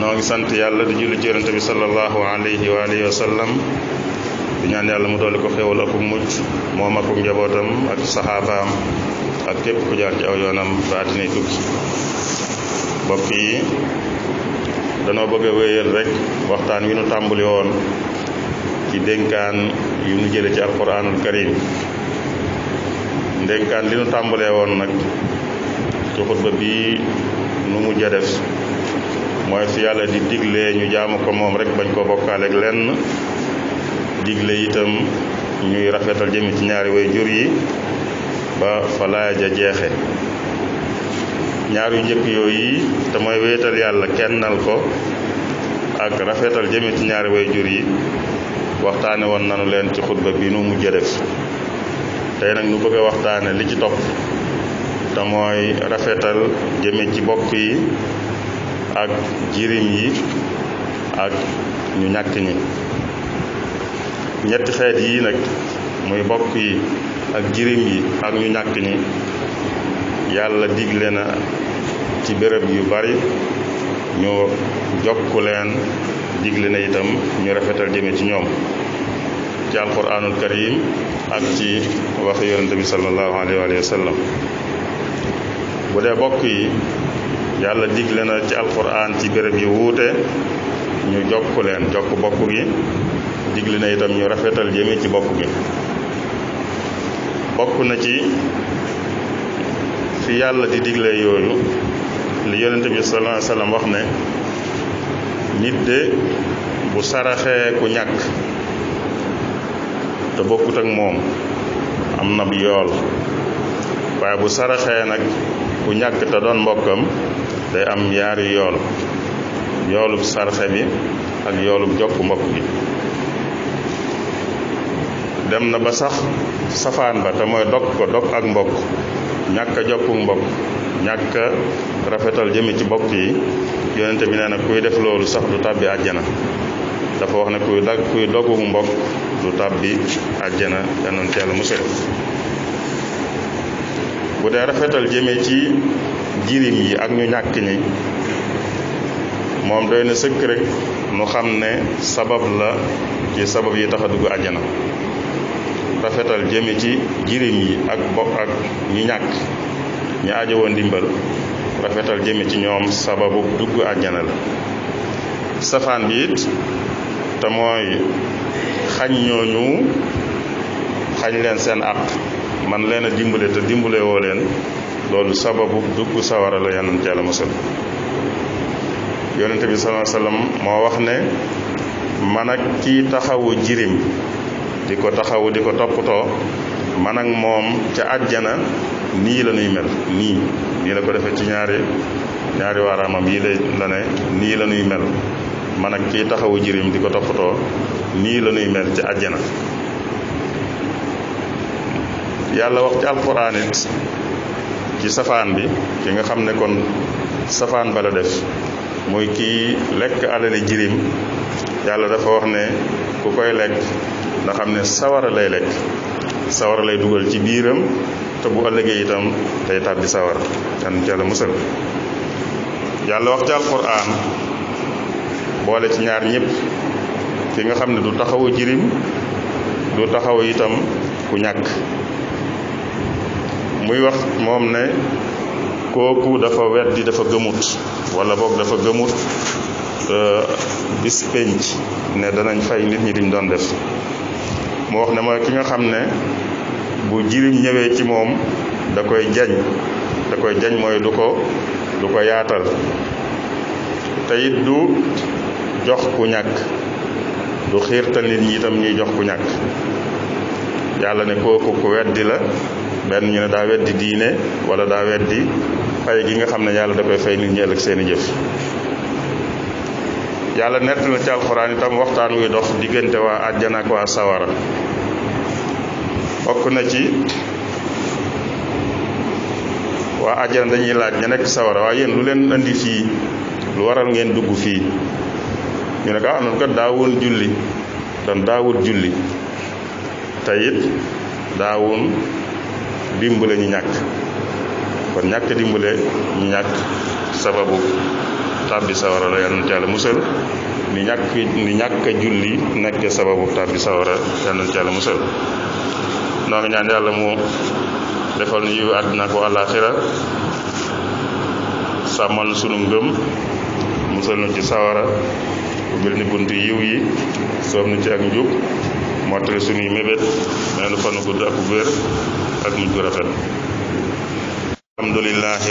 noo ngi sant yàlla di julli ci yonente bi sallallahu alayhi wa alihi wa sallam di ñaan yalla mu doli ko xewal ak mujj moom ak njabotam ak saxaabaam ak képp ku jaar ci aw yoonam dina tukki bokk yi bëgg a wéyal rek waxtaan wi ñu tàmbali woon ci dénkaan yu ñu jële ci alquranul karim dénkaan li ñu tàmbalee woon nag ci xutba bii nu mu ja def mooy su yàlla di digle ñu jaamu ko moom rek bañ ko bokkaaleeg lenn digle itam ñuy rafetal jëmi ci ñaari way jur yi ba jeexe ñaar yu njëkk yooyu te mooy wéetal yàlla kennal ko ak rafetal jëmi ci ñaari way jur yi waxtaane woon nanu leen ci xutba bi nu mujj def tey nag nu bëgg waxtaane li ci topp te mooy rafetal jëmi ci bokk yi ak jirim yi ak ñu ñàkk ñi ñetti xeet yi nag muy bokk yi ak jirim yi ak ñu ñàkk ñi yàlla digle na ci bërëb yu bari ñu jokk leen digle na itam ñu rafetal jëme ci ñoom ci alquranul karim ak ci wax yonente bi sallallahu alayhi wa sallam bu dee bokk yi yàlla digle na ci alquran ci béréb yu wuute ñu jokk leen jokk bokk gi digle na itam ñu rafetal jëme ci bokk bi bokk na ci fi yàlla di digle yooyu li yonente bi sallallahu wax ne nit bu saraxee ku ñàkk te bokkut ak moom am na yool waaye bu saraxee nag ku ñàkk te doon mbokkam day am ñaari yool yoolub sarxe bi ak yoolub jokk mbokk bi dem na ba sax safaan ba te mooy dog ko dog ak mbokk ñàkk a jokku mbokk ñàkk rafetal jëme ci mbokk yi yonente bi nee na kuy def loolu sax du tàbbi àjjana dafa wax ne kuy dag kuy dogu mbokk du tàbbi àjjana yal nañu teel a bu dee rafetal jëme ci jirim yi ak ñu ñàkk ñi moom doy na sëkk rek mu xam ne sabab la ci sabab yi tax a dugg àjjana rafetal jëme ci jirim yi ak bokk ak ñi ñàkk ñi aajowoo ndimbal rafetal jëme ci ñoom sababu dugg àjjana la safaan bi te mooy xañ ñooñu xañ leen seen àq man leen a dimbale te dimbale leen loolu sababu dugg sawara la yonent yalla musul yonent bi salaa sallam mo wax ne man ak ki taxawu jirim diko taxawu diko topoto man ak mom ci aljana ni la nuy mel ni ni la ko defee ci ñaari ñaari waaraamam yi la ne ni la nuy mel man ak ki taxawu jirim diko topoto ni la nuy mel ci aljana yalla wax ci alquran ci safaan bi ki nga xam ne kon safaan ba la def muy kii lekk alali jirim yàlla dafa wax ne ku koy lekk nga xam ne sawara lay lekk sawara lay dugal ci biiram te bu ëllëgee itam day tàbbi sawar kan yàlla musal yàlla wax ci alquran boole ci ñaar ñépp ki nga xam ne du taxawu jirim du taxaw itam ku ñàkk muy wax moom ne kooku dafa weddi dafa gëmut wala boog dafa gëmut bis euh, penc ne danañ fay nit ñi liñ doon def mu wax ne mooy ki nga xam ne bu jiriñ ñëwee ci moom da koy jañ da koy jañ mooy du ko du ko yaatal te du jox ku ñàkk du xiirtal nit ñi itam ñuy jox ku ñàkk yàlla ne kooku ku weddi la benn ñu ne daa weddi diine wala daa di fay gi nga xam ne yàlla da koy fay nit ñi ëllëg seen jëf yàlla nett na ci alxuraan itam waxtaan wuy dox diggante waa àjjana waa sawara bokk na ci waa àjjana dañuy laaj ña nekk sawara waa yéen lu leen indi fii lu waral ngeen dugg fii ñu ne ko ah noonu kat daawun julli dan daawut julli te it daawun dimbale ñu ñak kon ñak dimbale ñu ñak sababu tabbi sawara la yalla taala musal ni ñak ni ñak julli nek sababu tabbi sawara yang taala musal no nga ñaan yalla mu defal ñu yiw àddina ko alakhirah samal sunu ngëm musal ñu ci sawara bu ni buntu yiw yi soob ñu ci ak mo tere sunuy mebet fanu gudd ak ak mujj gu rafet alhamdulilah